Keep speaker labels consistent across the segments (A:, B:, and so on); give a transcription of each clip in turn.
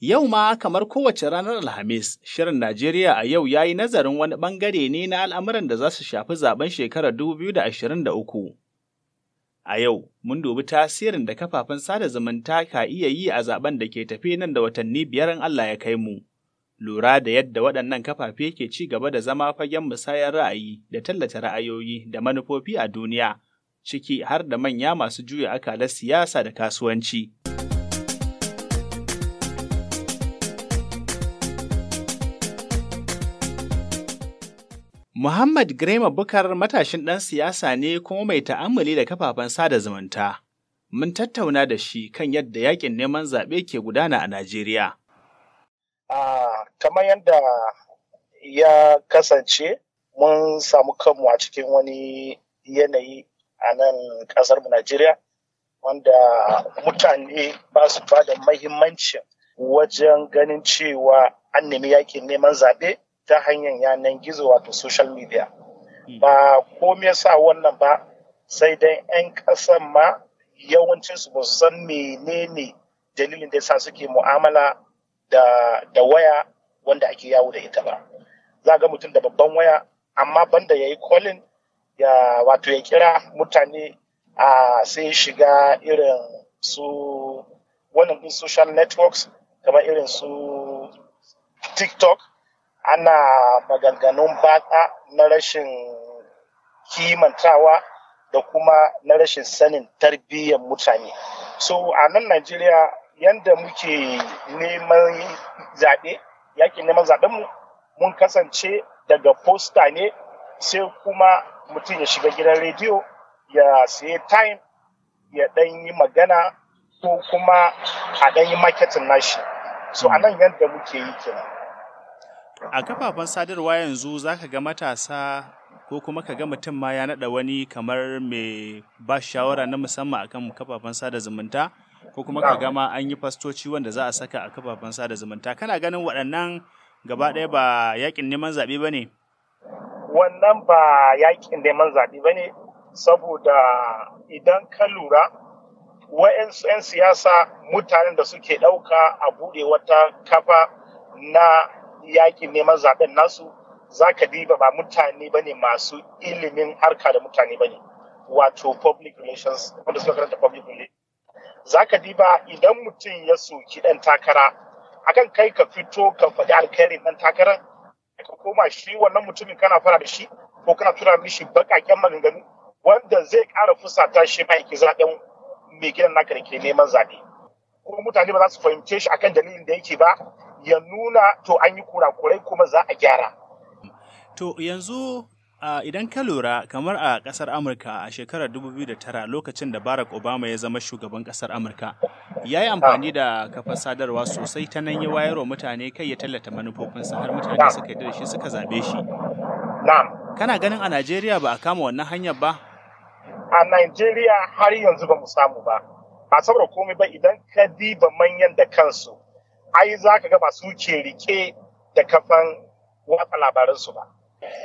A: Yau ma kamar kowace ranar Alhamis, Shirin Najeriya a yau ya yi nazarin wani bangare ne na al'amuran da za su shafi zaben shekarar 2023. A yau, mun dubi tasirin da kafafen sada zumunta ka iya yi a zaben da ke tafe nan da watanni biyar Allah ya kai mu. Lura da yadda waɗannan kafafe ke ci gaba da zama fagen musayar ra'ayi da tallata ra'ayoyi da manufofi a duniya, ciki har da manya masu juya akalar siyasa da kasuwanci. Muhammad Grema Bukar matashin ɗan siyasa ne kuma mai ta'ammali da kafafen sada zumunta. Mun tattauna da shi kan yadda yakin neman zaɓe ke gudana a Najeriya.
B: A kamar yadda ya kasance mun samu kanmu a cikin wani yanayi a nan ƙasarmu Najeriya wanda mutane ba su da mahimmancin wajen ganin cewa an nemi yakin neman zaɓe ta hanyar yanar gizo wato social media hmm. ba kome sa wannan ba sai dai 'yan ƙasan ma yawancinsu ba su san menene dalilin da sa suke mu'amala da, waya wanda ake yawo da ita ba za ga mutum da babban waya amma banda ya yi kolin ya wato ya kira mutane a sai shiga irin su wannan social networks kamar irin su tiktok ana maganganun baka na rashin kimantawa da kuma na rashin sanin tarbiyyar mutane so a nan najeriya yadda muke neman zaɓe yakin neman mu, mun kasance daga posta ne sai kuma mutum ya shiga gidan rediyo ya sayi time ya ɗan yi magana ko kuma a ɗan yi marketing nashi so a nan yadda muke yi kenan
A: a kafafen sadarwa yanzu za ka ga matasa ko kuma ka ga mutum ma ya naɗa wani kamar mai ba shawara na musamman akan kafafen sada zumunta ko kuma ka gama an yi fastoci wanda za a saka a kafafen sada zumunta kana ganin waɗannan gaba ɗaya ba yakin neman zaɓe ba ne
B: wannan ba yakin neman zaɓe ba ne saboda idan ka lura wa'yansu 'yan siyasa mutanen da suke ɗauka a buɗe wata kafa na yakin neman zaben nasu za ka diba ba mutane ba ne masu ilimin harka da mutane ba ne wato public relations wanda suka karanta public relations za ka diba idan mutum ya soki ɗan takara akan kai ka fito ka faɗi alkhairin ɗan takarar ka koma shi wannan mutumin kana fara da shi ko kana tura mishi baƙaƙen maganganu wanda zai ƙara fusata shi ma yake zaɓen mai gidan naka da ke neman zaɓe ko mutane ba za su fahimce shi akan dalilin da yake ba ya nuna to an yi kurakurai kuma za a gyara.
A: To yanzu idan ka lura kamar a ƙasar amurka a shekarar 2009 lokacin da barack obama ya zama shugaban ƙasar amurka ya yi amfani da kafar sadarwa sosai ta nan ya wayarwa mutane kai ya tallata manufofinsa har mutane suka yi shi suka zabe shi kana ganin a najeriya ba a kama wannan hanyar ba
B: a najeriya har yanzu ba mu samu ba ba saboda komai ba idan ka diba manyan da kansu ai za ka ga masu su ke rike da kafan watsa labaransu ba.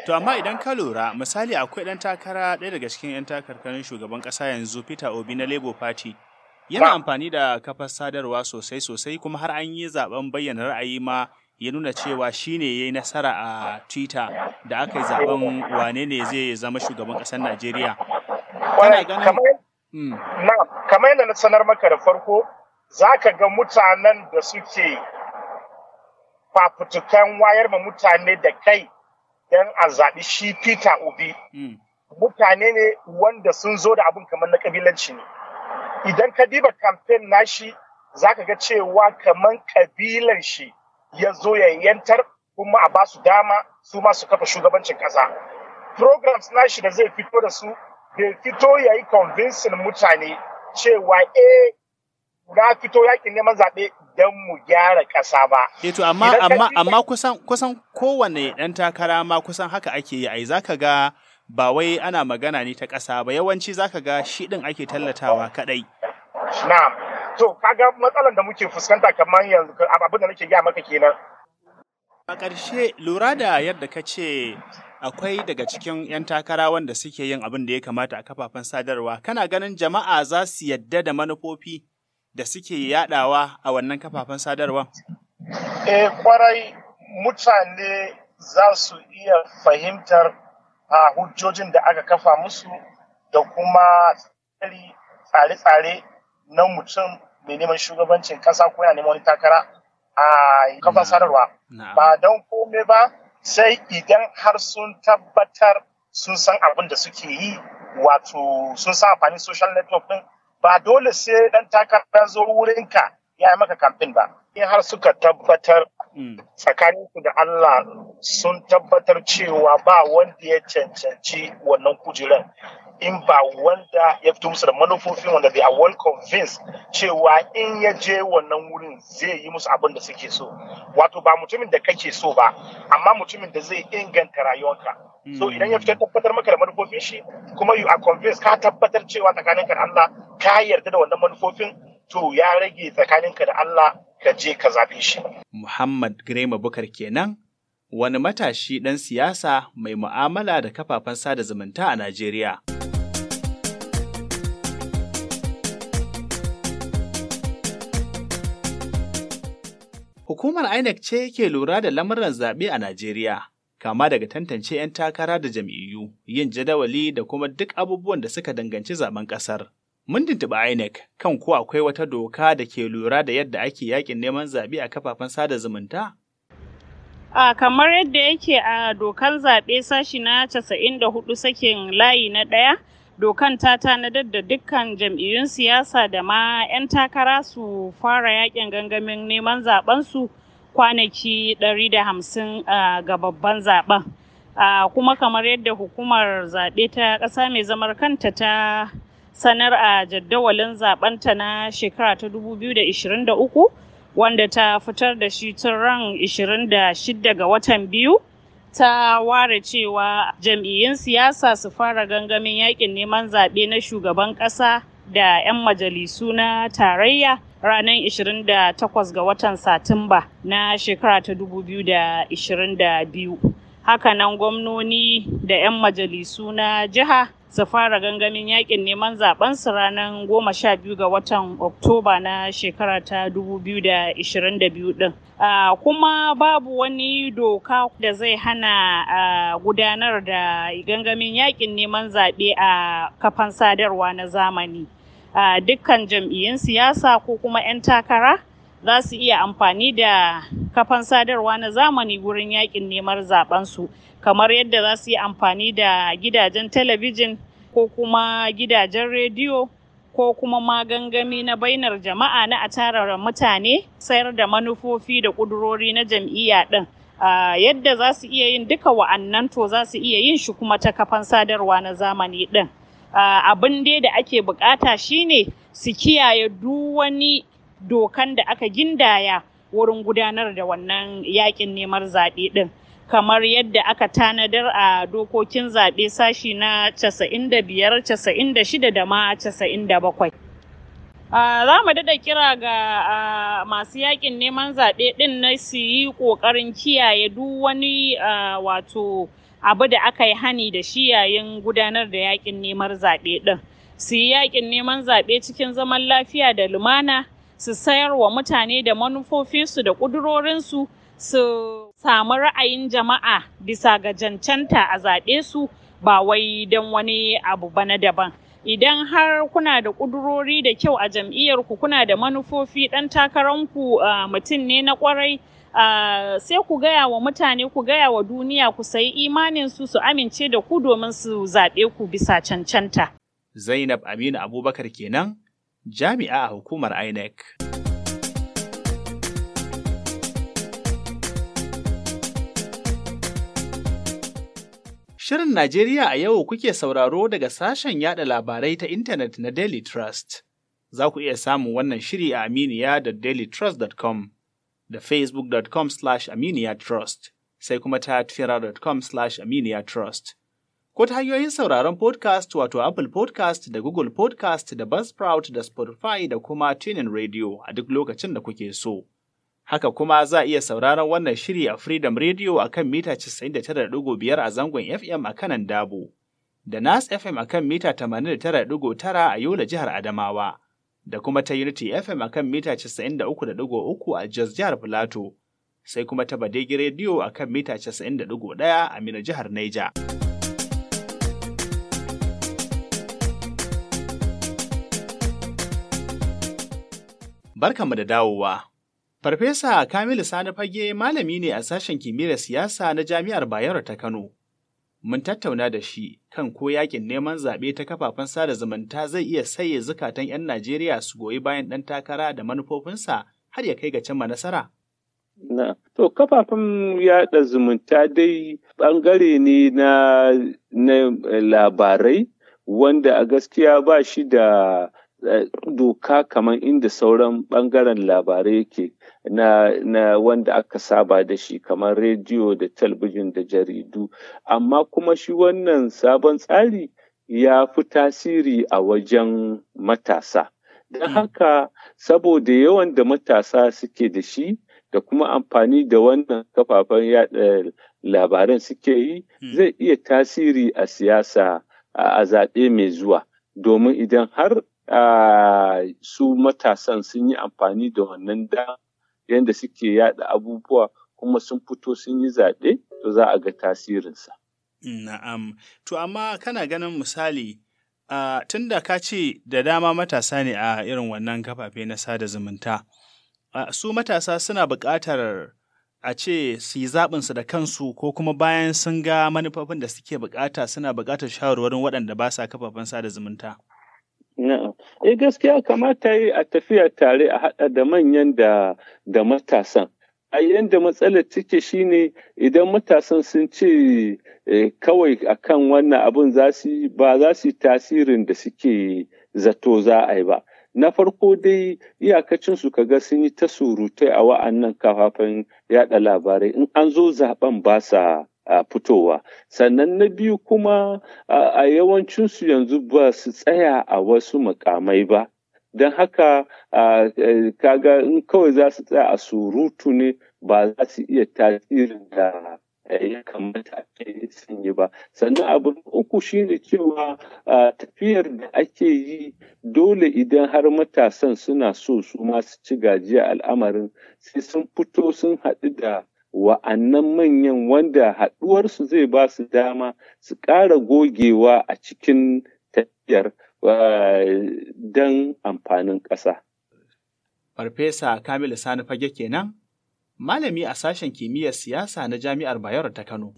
A: To amma idan ka lura misali akwai ɗan takara ɗaya daga cikin 'yan takarkarin shugaban ƙasa yanzu Peter Obi na Labour Party yana amfani da kafar sadarwa sosai sosai kuma har an yi zaben bayyana ra'ayi ma ya nuna cewa shine ya yi nasara a Twitter da aka yi zaben wane ne zai zama shugaban ƙasar Najeriya.
B: Kana ganin? Hmm. Kamar yadda na sanar maka da farko za ka ga mutanen da suke fafutukan wayar ma mutane da kai don a zaɓi shi Peter Obi. Hmm. Mutane ne wanda sun zo da abin kamar na ƙabilanci ne. Idan ka diba kamfen nashi za ka ga cewa kamar ƙabilan shi ya zo yayyantar kuma a ba su dama su ma su kafa shugabancin ƙasa. Programs nashi da zai fito da su bai fito ya yi convincing mutane cewa eh na fito yakin neman zaɓe don mu gyara ƙasa
A: ba. Eto eh amma amma amma kusan kusan kowane ɗan takara ma kusan haka ake yi ai zaka ga ba wai ana magana ne ta ƙasa ba yawanci zaka ga shi ɗin ake tallatawa kaɗai. Na'am. To
B: kaga matsalar da muke fuskanta kamar yanzu abin da nake gaya maka kenan.
A: A ƙarshe lura da yadda ka ce akwai daga cikin 'yan takara wanda suke yin abin da ya kamata a kafafen sadarwa kana ganin jama'a za su yadda da manufofi da suke yadawa a wannan kafafen sadarwa?
B: Eh kwarai mutane za su iya fahimtar a hujjojin da aka kafa musu da kuma tsare-tsare na mutum mai neman shugabancin kasa ko yana neman takara a kafafen sadarwa ba don kome ba sai idan har sun tabbatar sun san abin da suke yi wato sun san amfanin social network din ba dole sai dan takarda zo wurinka ya yi maka kamfin ba in har suka tabbatar mm. tsakaninku da Allah sun tabbatar cewa ba wanda ya cancanci wannan kujeran in ba wanda ya fito musu da manufofin wanda they are well convinced cewa in ya je wannan wurin zai yi musu abin da suke so wato ba mutumin da kake so ba amma mutumin da zai inganta rayuwarka so idan ya fitar tabbatar maka da manufofin shi kuma you are convinced ka tabbatar cewa tsakaninka da Allah ka yarda da wannan manufofin to ya rage tsakaninka da Allah ka je ka zabe shi
A: Muhammad Grema Bukar kenan wani matashi dan siyasa mai mu'amala da kafafen sada zumunta a Najeriya Hukumar INEC ce yake lura da lamuran zaɓe a Najeriya. kama daga tantance 'yan takara da jam'iyyu, yin jadawali da kuma duk abubuwan da suka danganci zaben ƙasar. Mun tuntuɓi INEC kan ko akwai wata doka da ke lura da yadda ake yakin neman zaɓe a kafafen sada zumunta?
C: A kamar yadda yake a dokan zaɓe sashi na 94 sakin layi na ɗaya, dokan ta tanadar da dukkan jam'iyyun siyasa da ma 'yan takara su fara yakin gangamin neman zaɓensu su kwanaki ɗari da 150 ga babban zaben kuma kamar yadda hukumar zaɓe ta ƙasa mai zamar kanta ta sanar a jaddawalin zaɓenta na shekara ta 2023 wanda ta fitar da shi tun ran 26 ga watan biyu ta ware cewa jam'iyyun siyasa su fara gangamin yakin neman zaɓe na shugaban ƙasa da 'yan majalisu na tarayya ranar 28 ga watan Satumba na shekara ta 2022. Hakanan gwamnoni da 'yan majalisu na jiha su fara gangamin yakin neman zaben su ranar goma sha biyu ga watan oktoba na shekara ta 2022 din kuma babu wani doka da zai hana gudanar da gangamin yakin neman zaɓe a kafan sadarwa na zamani dukkan jam'iyyun siyasa ko kuma 'yan takara za su iya amfani da kafan sadarwa na zamani wurin yakin neman zaɓensu kamar yadda za su yi amfani da gidajen talabijin ko kuma gidajen rediyo ko kuma magangami na bainar jama'a na a tara mutane sayar da manufofi da kudurori na jam'iyya ɗin yadda za su iya yin duka wa'annan to za su iya yin shi kuma ta kafan sadarwa na zamani ɗin. abin dai da ake bukata shine su kiyaye duk wani dokan da aka gindaya wurin gudanar da wannan yakin neman zaɓe ɗin. kamar yadda aka tanadar a dokokin zaɓe sashi na 95, 96 da ma 97. Za mu daɗa kira ga masu yakin neman zaɓe ɗin na su yi ƙoƙarin kiyaye duk wani wato abu da aka yi hani da shi yayin gudanar da yakin neman zaɓe ɗin. Su yi yakin neman zaɓe cikin zaman lafiya da lumana. su sayar wa mutane da manufofinsu da ƙudurorinsu su samu ra'ayin jama'a bisa ga cancanta a zaɓe su ba wai don wani abu ba na daban idan har kuna da ƙudurori da kyau a jam'iyyarku kuna da manufofi ɗan takaranku mutum ne na kwarai, sai ku gaya wa mutane ku gaya wa duniya ku sayi imanin su su amince da ku domin su zaɓe ku bisa cancanta.
A: Zainab Aminu Abubakar kenan jami'a a hukumar INEC. Shirin Najeriya a yau kuke sauraro daga sashen yada labarai ta intanet na Daily Trust. Za ku iya samun wannan shiri a Aminiya da dailytrust.com da facebook.com slash aminiya trust sai kuma ta twittercom slash aminiya trust. ko ta hanyoyin sauraron podcast wato Apple podcast da Google podcast da Buzzsprout da Spotify da kuma Tuning Radio a duk lokacin da kuke so. Haka kuma za a iya sauraron wannan shiri a Freedom Radio a kan mita 99.5 a zangon FM a kanan Dabo, da Nas FM a kan mita 89.9 a Yola jihar Adamawa, da kuma ta Unity FM a kan mita 93.3 a Jos jihar Plateau, sai kuma ta Badegi Radio a kan mita 91 a Mina jihar Niger. mu da dawowa. Farfesa Kamilu Sani Fage malami ne a sashen kimiyyar siyasa na Jami'ar Bayero ta Kano. Mun tattauna da shi kan ko yakin neman zaɓe ta kafafen sada zumunta zai iya saye zukatan 'yan Najeriya su goyi bayan ɗan takara da manufofinsa har ya kai ga cimma nasara.
D: Na, to kafafen yaɗa zumunta dai ɓangare ne na, na labarai wanda a gaskiya ba shi da doka kamar inda sauran bangaren labarai yake na, na wanda aka saba da shi kamar rediyo da talbijin da jaridu amma kuma shi wannan sabon tsari ya fi tasiri a wajen matasa don hmm. haka saboda yawan da matasa suke da shi da kuma amfani da wannan kafafen yada eh, labaran suke yi hmm. zai iya tasiri a siyasa a zaɓe mai zuwa domin idan har su matasan sun yi amfani da wannan da yadda suke yaɗa abubuwa kuma sun fito sun yi zaɓe to za a ga tasirinsa.
A: Na'am, to amma kana ganin misali tun da ka ce da dama matasa ne a irin wannan kafafe na sada zumunta, su matasa suna buƙatar a ce su yi zaɓinsu da kansu ko kuma bayan sun ga manufofin da suke buƙata suna buƙatar shawarwarin waɗanda ba sa kafafen sada zumunta.
D: Eh gaskiya kamata yi a tafiya tare a haɗa da manyan da matasan. A yanda matsalar take shine idan matasan sun ce eh, kawai akan wannan abun za ba za su tasirin da suke zato za a yi ba. Na farko dai iyakacin iyakacinsu kaga sun yi ta surutai a wa'annan kafafen yada labarai in an zo zaben ba sa a fitowa sannan na biyu kuma a yawancinsu yanzu ba su tsaya a wasu makamai ba don haka kaga in kawai za su tsaya a surutu ne ba za su iya tasirin da eh, ya kamata a sun yi ba sannan abu uku shine cewa tafiyar da ake yi dole idan har matasan suna so su masu ci gajiya al'amarin sai sun fito sun haɗu da wa'annan manyan wanda haɗuwarsu zai ba su dama su ƙara gogewa a cikin tafiyar eh, don amfanin ƙasa.
A: Farfesa Kamilu Sani Fage kenan, malami a sashen kimiyyar siyasa na Jami'ar Bayero ta Kano.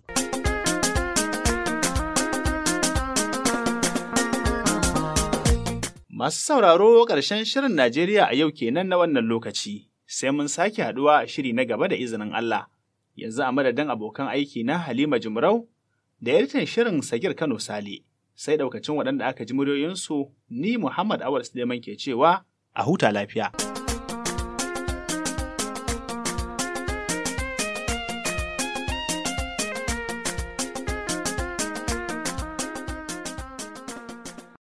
A: Masu sauraro ƙarshen shirin Najeriya a yau kenan na wannan lokaci, sai mun sake haɗuwa a shiri na gaba da izinin Allah. yanzu a madadin abokan aiki na Halima Jumrau da editan shirin Sagir Kano Sale, sai daukacin waɗanda aka ji muryoyinsu ni Muhammad Awal Suleiman ke cewa a huta lafiya.